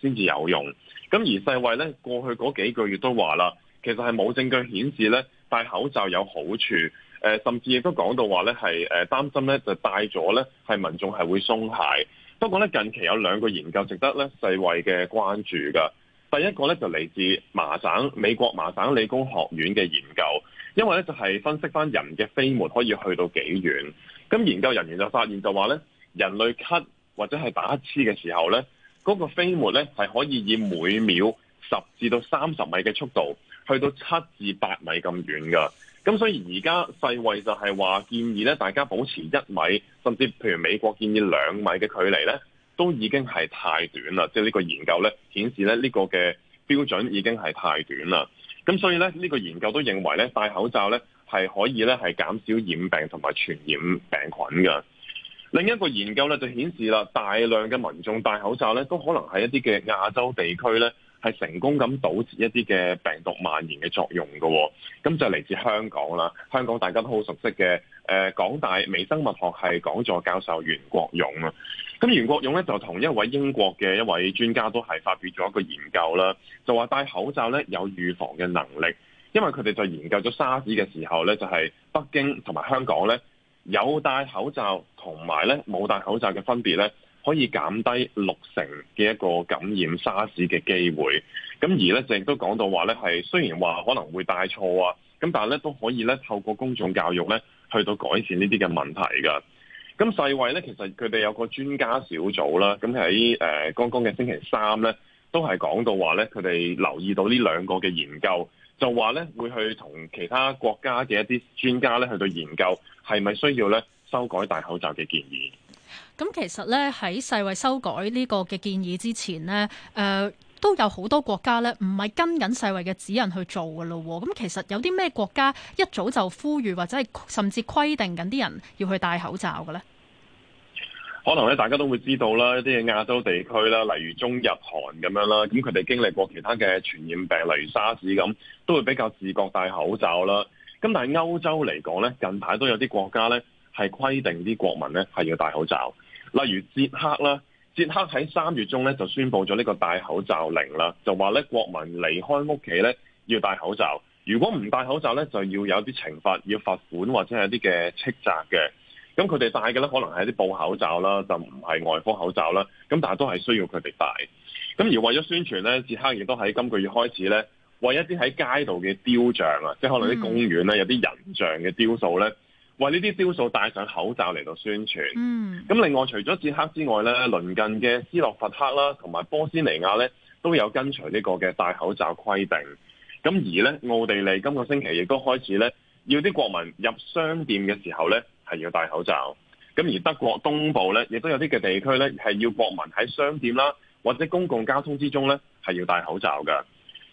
先至有用。咁而世衛咧過去嗰幾個月都話啦，其實係冇證據顯示咧。戴口罩有好處，誒、呃，甚至亦都講到話咧，係誒擔心咧，就戴咗咧，係民眾係會鬆懈。不過咧，近期有兩個研究值得咧世衛嘅關注㗎。第一個咧就嚟自麻省美國麻省理工學院嘅研究，因為咧就係、是、分析翻人嘅飛沫可以去到幾遠。咁研究人員就發現就話咧，人類咳或者係打乞嗤嘅時候咧，嗰、那個飛沫咧係可以以每秒十至到三十米嘅速度。去到七至八米咁遠噶，咁所以而家世衛就係話建議咧，大家保持一米，甚至譬如美國建議兩米嘅距離咧，都已經係太短啦。即係呢個研究咧顯示咧，呢個嘅標準已經係太短啦。咁所以咧，呢個研究都認為咧，戴口罩咧係可以咧係減少染病同埋傳染病菌嘅。另一個研究咧就顯示啦，大量嘅民眾戴口罩咧，都可能喺一啲嘅亞洲地區咧。係成功咁堵截一啲嘅病毒蔓延嘅作用嘅、哦，咁就嚟自香港啦。香港大家都好熟悉嘅，誒、呃、港大微生物學系講座教授袁國勇啊。咁袁國勇咧就同一位英國嘅一位專家都係發表咗一個研究啦，就話戴口罩咧有預防嘅能力，因為佢哋就研究咗沙士嘅時候咧，就係、是、北京同埋香港咧有戴口罩同埋咧冇戴口罩嘅分別咧。可以減低六成嘅一個感染沙士嘅機會，咁而咧，正亦都講到話咧，係雖然話可能會戴錯啊，咁但係咧都可以咧透過公眾教育咧，去到改善呢啲嘅問題噶。咁世衞咧，其實佢哋有個專家小組啦，咁喺誒剛剛嘅星期三咧，都係講到話咧，佢哋留意到呢兩個嘅研究，就話咧會去同其他國家嘅一啲專家咧去到研究，係咪需要咧修改戴口罩嘅建議。咁其實咧喺世衛修改呢個嘅建議之前咧，誒、呃、都有好多國家咧唔係跟緊世衛嘅指引去做嘅咯。咁其實有啲咩國家一早就呼籲或者係甚至規定緊啲人要去戴口罩嘅咧？可能咧大家都會知道啦，一啲亞洲地區啦，例如中日韓咁樣啦，咁佢哋經歷過其他嘅傳染病，例如沙士咁，都會比較自覺戴口罩啦。咁但係歐洲嚟講咧，近排都有啲國家咧係規定啲國民咧係要戴口罩。例如捷克啦，捷克喺三月中咧就宣布咗呢個戴口罩令啦，就話咧國民離開屋企咧要戴口罩，如果唔戴口罩咧就要有啲懲罰，要罰款或者係一啲嘅斥責嘅。咁佢哋戴嘅咧可能係一啲布口罩啦，就唔係外科口罩啦。咁但係都係需要佢哋戴。咁而為咗宣傳咧，捷克亦都喺今個月開始咧，為一啲喺街度嘅雕像啊，嗯、即係可能啲公園咧有啲人像嘅雕塑咧。為呢啲雕塑戴上口罩嚟到宣傳，咁、嗯、另外除咗捷克之外咧，鄰近嘅斯洛伐克啦，同埋波斯尼亞咧，都有跟隨呢個嘅戴口罩規定。咁而咧，奧地利今個星期亦都開始咧，要啲國民入商店嘅時候咧，係要戴口罩。咁而德國東部咧，亦都有啲嘅地區咧，係要國民喺商店啦，或者公共交通之中咧，係要戴口罩㗎。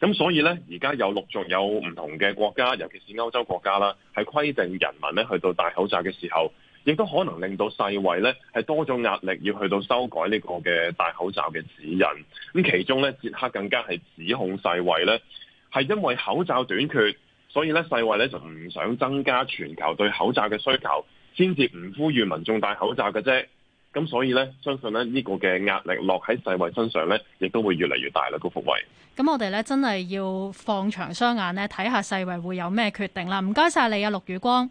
咁所以咧，而家有陸續有唔同嘅國家，尤其是歐洲國家啦，係規定人民咧去到戴、戴口罩嘅時候，亦都可能令到世衞咧係多咗壓力，要去到修改呢個嘅戴口罩嘅指引。咁、嗯、其中咧，捷克更加係指控世衞咧係因為口罩短缺，所以咧世衞咧就唔想增加全球對口罩嘅需求，先至唔呼籲民眾戴口罩嘅啫。咁所以咧，相信咧呢個嘅壓力落喺世衞身上咧，亦都會越嚟越大啦。個復位。咁我哋咧真係要放長雙眼咧，睇下世衞會有咩決定啦。唔該晒你啊，陸宇光。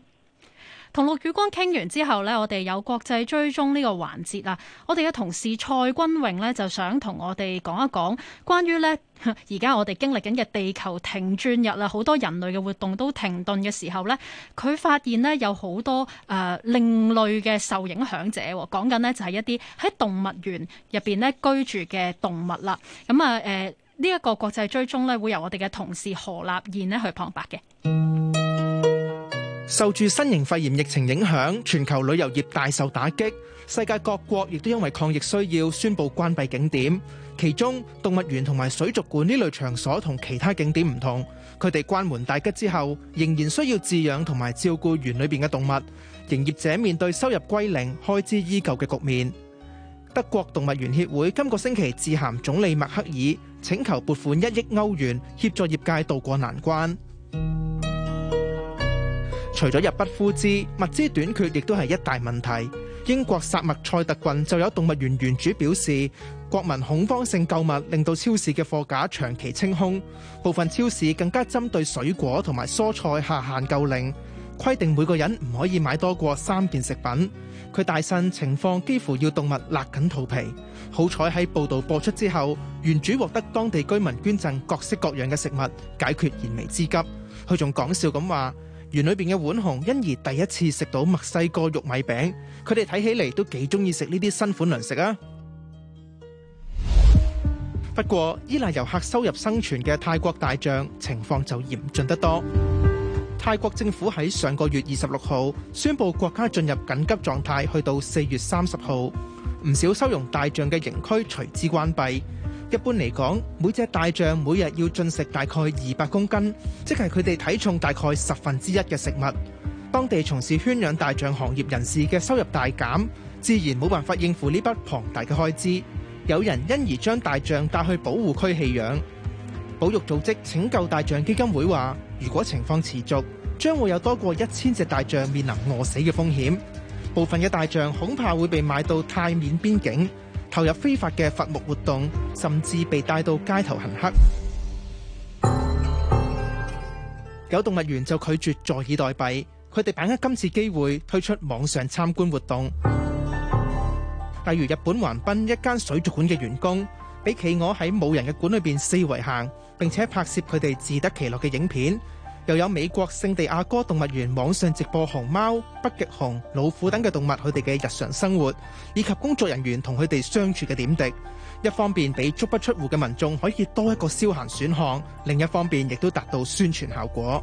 同陸宇光傾完之後呢，我哋有國際追蹤呢個環節啦。我哋嘅同事蔡君榮呢，就想同我哋講一講關於呢而家我哋經歷緊嘅地球停轉日啦，好多人類嘅活動都停頓嘅時候呢，佢發現呢有好多誒另類嘅受影響者，講緊呢，就係一啲喺動物園入邊呢居住嘅動物啦。咁啊誒呢一個國際追蹤呢，會由我哋嘅同事何立燕呢去旁白嘅。受住新型肺炎疫情影響，全球旅遊業大受打擊，世界各國亦都因為抗疫需要宣布關閉景點。其中，動物園同埋水族館呢類場所同其他景點唔同，佢哋關門大吉之後，仍然需要飼養同埋照顧園裏邊嘅動物。營業者面對收入歸零、開支依舊嘅局面。德國動物園協會今個星期致函總理默克爾，請求撥款一億歐元協助業界渡過難關。除咗入不敷支，物資短缺亦都係一大問題。英國薩默塞特郡就有動物園園主表示，國民恐慌性購物令到超市嘅貨架長期清空，部分超市更加針對水果同埋蔬菜下限購令，規定每個人唔可以買多過三件食品。佢大呻情況幾乎要動物勒緊肚皮，好彩喺報道播出之後，園主獲得當地居民捐贈各式各樣嘅食物，解決燃眉之急。佢仲講笑咁話。園裏邊嘅碗紅因而第一次食到墨西哥玉米餅，佢哋睇起嚟都幾中意食呢啲新款糧食啊。不過依賴遊客收入生存嘅泰國大象情況就嚴峻得多。泰國政府喺上個月二十六號宣佈國家進入緊急狀態，去到四月三十號，唔少收容大象嘅營區隨之關閉。一般嚟講，每隻大象每日要進食大概二百公斤，即係佢哋體重大概十分之一嘅食物。當地從事圈養大象行業人士嘅收入大減，自然冇辦法應付呢筆龐大嘅開支。有人因而將大象帶去保護區棄養。保育組織拯救大象基金會話，如果情況持續，將會有多過一千隻大象面臨餓死嘅風險。部分嘅大象恐怕會被賣到泰緬邊境。投入非法嘅伐木活動，甚至被帶到街頭行乞。 有動物園就拒絕坐以待斃，佢哋把握今次機會推出網上參觀活動。 例如日本橫濱一間水族館嘅員工，俾企鵝喺冇人嘅館裏邊四圍行，並且拍攝佢哋自得其樂嘅影片。又有美國聖地亞哥動物園網上直播熊貓、北極熊、老虎等嘅動物佢哋嘅日常生活，以及工作人員同佢哋相處嘅點滴，一方面俾足不出戶嘅民眾可以多一個消閒選項，另一方面亦都達到宣傳效果。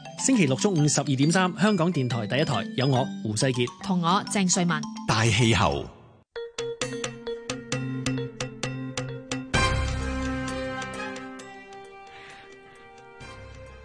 星期六中午十二點三，3, 香港電台第一台有我胡世傑，同我鄭瑞文大氣候。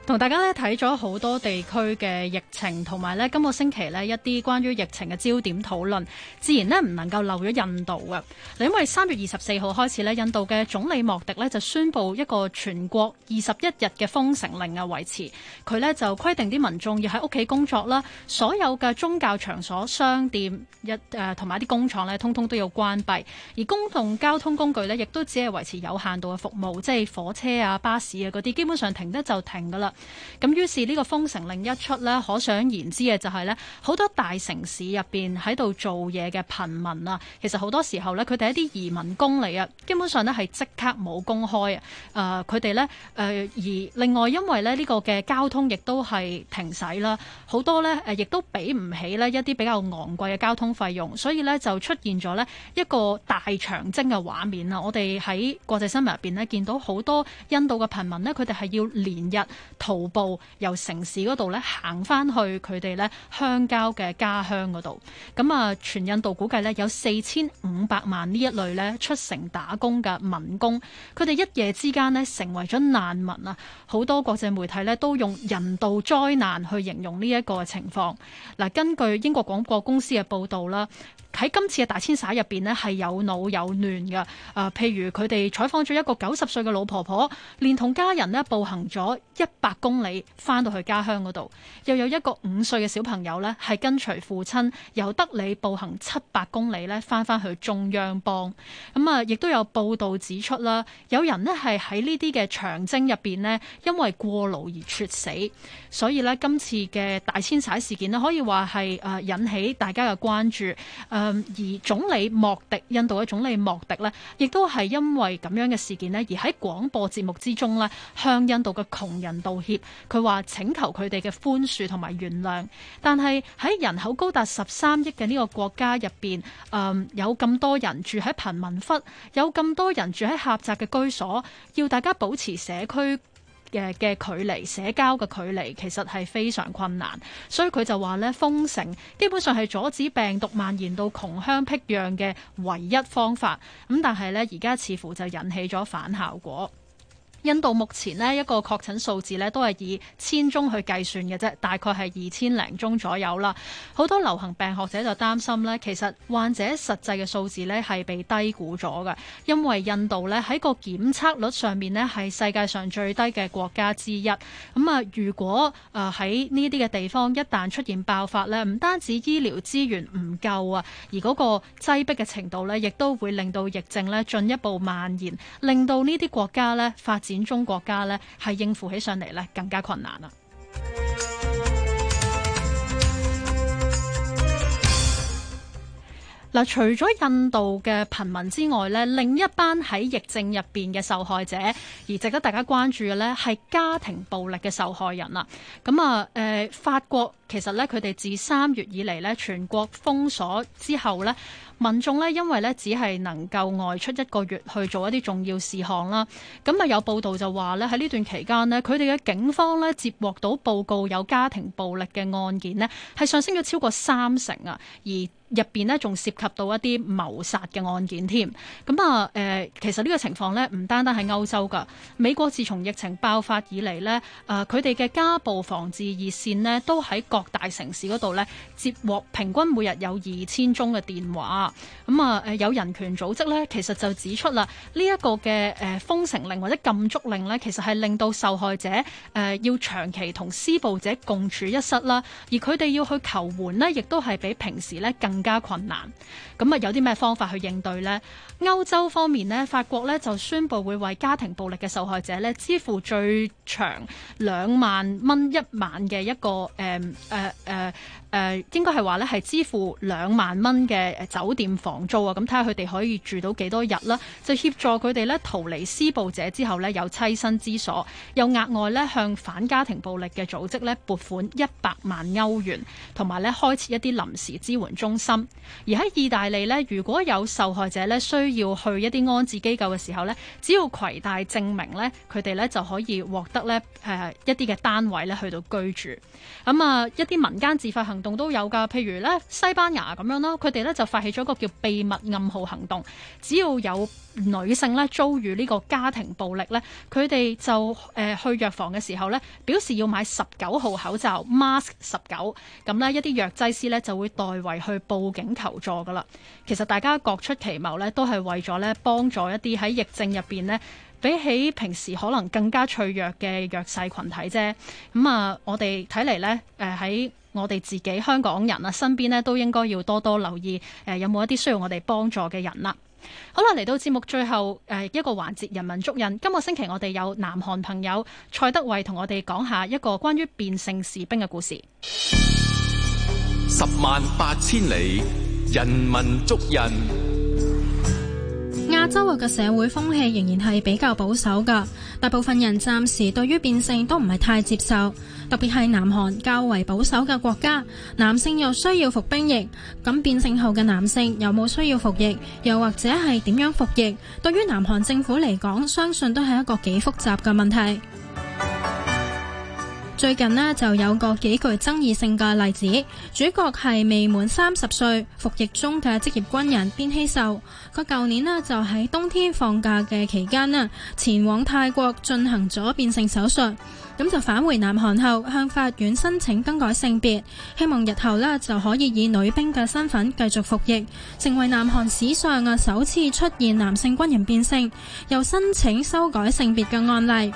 同大家咧睇咗好多地區嘅疫情，同埋呢今個星期呢一啲關於疫情嘅焦點討論，自然呢唔能夠漏咗印度嘅。因為三月二十四號開始呢，印度嘅總理莫迪呢就宣布一個全國二十一日嘅封城令啊，維持。佢呢就規定啲民眾要喺屋企工作啦，所有嘅宗教場所、商店一同埋啲工廠呢通通都要關閉。而公共交通工具呢亦都只係維持有限度嘅服務，即係火車啊、巴士啊嗰啲，基本上停得就停㗎喇。咁於是呢個封城令一出呢，可想而知嘅就係、是、呢，好多大城市入面喺度做嘢嘅貧民啊，其實好多時候呢，佢哋一啲移民工嚟啊，基本上呢係即刻冇工開啊。佢、呃、哋呢、呃，而另外因為呢，呢、這個嘅交通亦都係停駛啦，好多呢亦都俾唔起呢一啲比較昂貴嘅交通費用，所以呢，就出現咗呢一個大長征嘅畫面啊！我哋喺國際新聞入面呢，見到好多印度嘅貧民呢，佢哋係要連日，徒步由城市嗰度咧行返去佢哋咧鄉郊嘅家鄉嗰度，咁啊全印度估計咧有四千五百萬呢一類咧出城打工嘅民工，佢哋一夜之間咧成為咗難民啊！好多國際媒體咧都用人道災難去形容呢一個情況。嗱，根據英國廣播公司嘅報道啦，喺今次嘅大遷徙入邊咧係有老有嫩嘅。啊，譬如佢哋採訪咗一個九十歲嘅老婆婆，連同家人咧步行咗一百。公里翻到去家鄉嗰度，又有一個五歲嘅小朋友咧，係跟隨父親由德里步行七百公里咧，翻翻去中央邦。咁、嗯、啊，亦都有報道指出啦，有人咧係喺呢啲嘅長征入邊咧，因為過勞而猝死。所以咧，今次嘅大遷徙事件咧，可以話係誒引起大家嘅關注。誒、嗯，而總理莫迪，印度嘅總理莫迪咧，亦都係因為咁樣嘅事件咧，而喺廣播節目之中咧，向印度嘅窮人道。佢話請求佢哋嘅寬恕同埋原諒，但係喺人口高達十三億嘅呢個國家入邊，嗯、有咁多人住喺貧民窟，有咁多人住喺狹窄嘅居所，要大家保持社區嘅嘅距離、社交嘅距離，其實係非常困難，所以佢就話呢封城基本上係阻止病毒蔓延到窮鄉僻壤嘅唯一方法，咁但係呢，而家似乎就引起咗反效果。印度目前呢一個確診數字咧都係以千宗去計算嘅啫，大概係二千零宗左右啦。好多流行病學者就擔心咧，其實患者實際嘅數字咧係被低估咗嘅，因為印度咧喺個檢測率上面咧係世界上最低嘅國家之一。咁啊，如果啊喺呢啲嘅地方一旦出現爆發咧，唔單止醫療資源唔夠啊，而嗰個擠迫嘅程度咧，亦都會令到疫症咧進一步蔓延，令到呢啲國家咧發展。發展中國家咧，係應付起上嚟咧，更加困難啦。嗱，除咗印度嘅貧民之外咧，另一班喺疫症入邊嘅受害者，而值得大家關注嘅咧，係家庭暴力嘅受害人啦。咁、嗯、啊、嗯，法國其實咧，佢哋自三月以嚟全國封鎖之後咧，民眾咧因為咧只係能夠外出一個月去做一啲重要事項啦。咁、嗯、啊，有報道就話咧喺呢段期間咧，佢哋嘅警方咧接獲到報告有家庭暴力嘅案件咧，係上升咗超過三成啊，而入邊咧仲涉及到一啲謀殺嘅案件添，咁啊誒，其實呢個情況呢，唔單單係歐洲㗎，美國自從疫情爆發以嚟呢，誒佢哋嘅家暴防治熱線呢，都喺各大城市嗰度呢接獲平均每日有二千宗嘅電話，咁啊誒有人權組織呢，其實就指出啦，呢一個嘅誒封城令或者禁足令呢，其實係令到受害者誒要長期同施暴者共處一室啦，而佢哋要去求援呢，亦都係比平時呢更加更加困難。咁啊，有啲咩方法去應對咧？歐洲方面咧，法國咧就宣布會為家庭暴力嘅受害者咧支付最長兩萬蚊一晚嘅一個誒誒誒誒，應該係話咧係支付兩萬蚊嘅酒店房租啊！咁睇下佢哋可以住到幾多日啦，就協助佢哋咧逃離施暴者之後咧有棲身之所，又額外咧向反家庭暴力嘅組織咧撥款一百萬歐元，同埋咧開設一啲臨時支援中心，而喺意大。如果有受害者咧需要去一啲安置機構嘅時候咧，只要攜帶證明咧，佢哋咧就可以獲得咧誒、呃、一啲嘅單位咧去到居住。咁啊，一啲民間自發行動都有噶，譬如咧西班牙咁樣啦，佢哋咧就發起咗個叫秘密暗號行動，只要有女性咧遭遇呢個家庭暴力咧，佢哋就誒、呃、去藥房嘅時候咧表示要買十九號口罩 mask 十九，咁呢一啲藥劑師咧就會代為去報警求助噶啦。其實大家各出奇謀咧，都係為咗咧幫助一啲喺疫症入邊咧，比起平時可能更加脆弱嘅弱勢群體啫。咁、嗯、啊，我哋睇嚟咧，誒、呃、喺我哋自己香港人啊身邊咧，都應該要多多留意，誒、呃、有冇一啲需要我哋幫助嘅人啦。好啦，嚟到節目最後誒、呃、一個環節，人民足印。今個星期我哋有南韓朋友蔡德惠同我哋講下一個關於變性士兵嘅故事。十萬八千里。人民族人，亞洲嘅社會風氣仍然係比較保守㗎，大部分人暫時對於變性都唔係太接受，特別係南韓較為保守嘅國家。男性又需要服兵役，咁變性後嘅男性有冇需要服役，又或者係點樣服役，對於南韓政府嚟講，相信都係一個幾複雜嘅問題。最近呢，就有個極具爭議性嘅例子，主角係未滿三十歲服役中嘅職業軍人邊希秀。佢舊年呢，就喺冬天放假嘅期間呢，前往泰國進行咗變性手術，咁就返回南韓後向法院申請更改性別，希望日後呢，就可以以女兵嘅身份繼續服役，成為南韓史上啊首次出現男性軍人變性又申請修改性別嘅案例。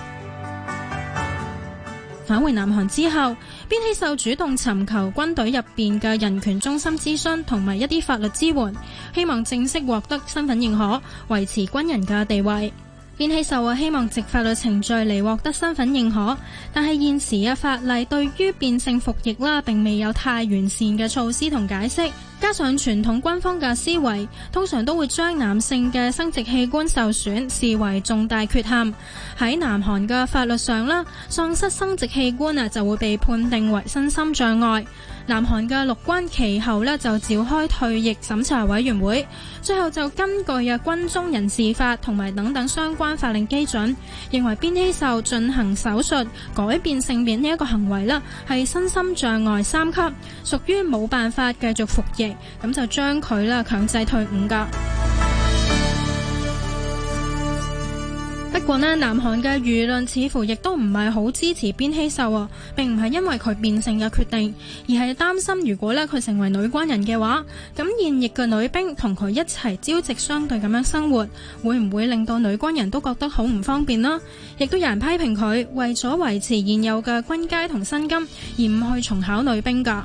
返回南韓之後，邊希秀主動尋求軍隊入邊嘅人權中心諮詢同埋一啲法律支援，希望正式獲得身份認可，維持軍人嘅地位。邊希秀啊，希望藉法律程序嚟獲得身份認可，但係現時嘅法例對於變性服役啦，並未有太完善嘅措施同解釋。加上傳統軍方嘅思維通常都會將男性嘅生殖器官受損視為重大缺陷。喺南韓嘅法律上咧，喪失生殖器官啊就會被判定為身心障礙。南韓嘅陸軍其後咧就召開退役審查委員會，最後就根據啊，軍中人事法》同埋等等相關法令基準認為邊希壽進行手術改變性別，呢一個行為啦，係身心障礙三級，屬於冇辦法繼續服役。咁就將佢啦強制退伍噶。不過呢，南韓嘅輿論似乎亦都唔係好支持邊希秀啊，並唔係因為佢變性嘅決定，而係擔心如果咧佢成為女軍人嘅話，咁現役嘅女兵同佢一齊朝夕相對咁樣生活，會唔會令到女軍人都覺得好唔方便呢？亦都有人批評佢為咗維持現有嘅軍階同薪金而唔去重考女兵噶。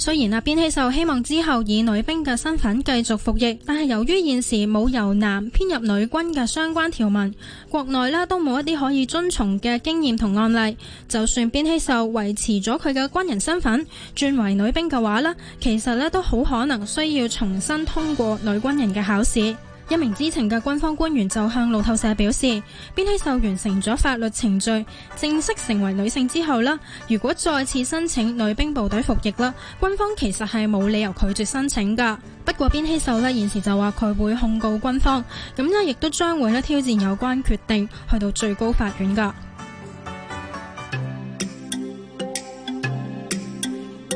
雖然啊，變希秀希望之後以女兵嘅身份繼續服役，但係由於現時冇由男編入女軍嘅相關條文，國內呢都冇一啲可以遵從嘅經驗同案例。就算變希秀維持咗佢嘅軍人身份，轉為女兵嘅話呢，其實呢都好可能需要重新通過女軍人嘅考試。一名知情嘅軍方官員就向路透社表示，邊希秀完成咗法律程序，正式成為女性之後呢，如果再次申請女兵部隊服役啦，軍方其實係冇理由拒絕申請噶。不過邊希秀咧現時就話佢會控告軍方，咁咧亦都將會咧挑戰有關決定去到最高法院噶。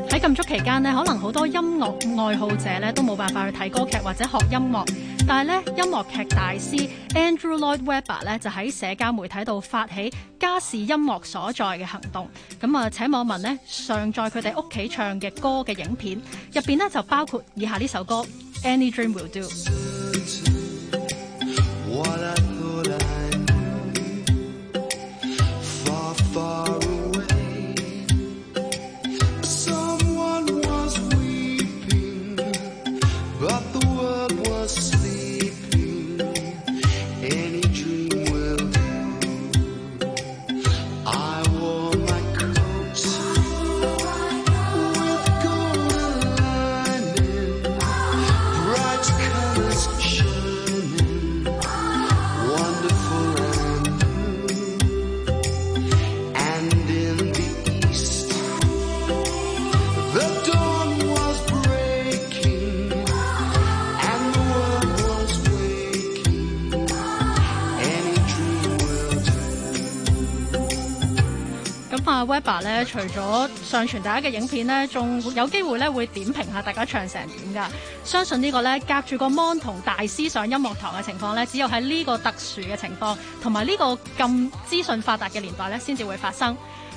喺禁足期間呢，可能好多音樂愛好者咧都冇辦法去睇歌劇或者學音樂。但係咧，音樂劇大師 Andrew Lloyd Webber 咧就喺社交媒體度發起家事音樂所在嘅行動。咁啊，請網民上載佢哋屋企唱嘅歌嘅影片入邊咧，就包括以下呢首歌《Any Dream Will Do》。Weber 咧，除咗上傳大家嘅影片咧，仲有機會咧會點評下大家唱成點㗎。相信這個呢個咧，隔住個 Mon 同大師上音樂堂嘅情況咧，只有喺呢個特殊嘅情況同埋呢個咁資訊發達嘅年代咧，先至會發生。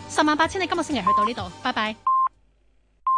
十萬八千里，今日星期去到呢度，拜拜。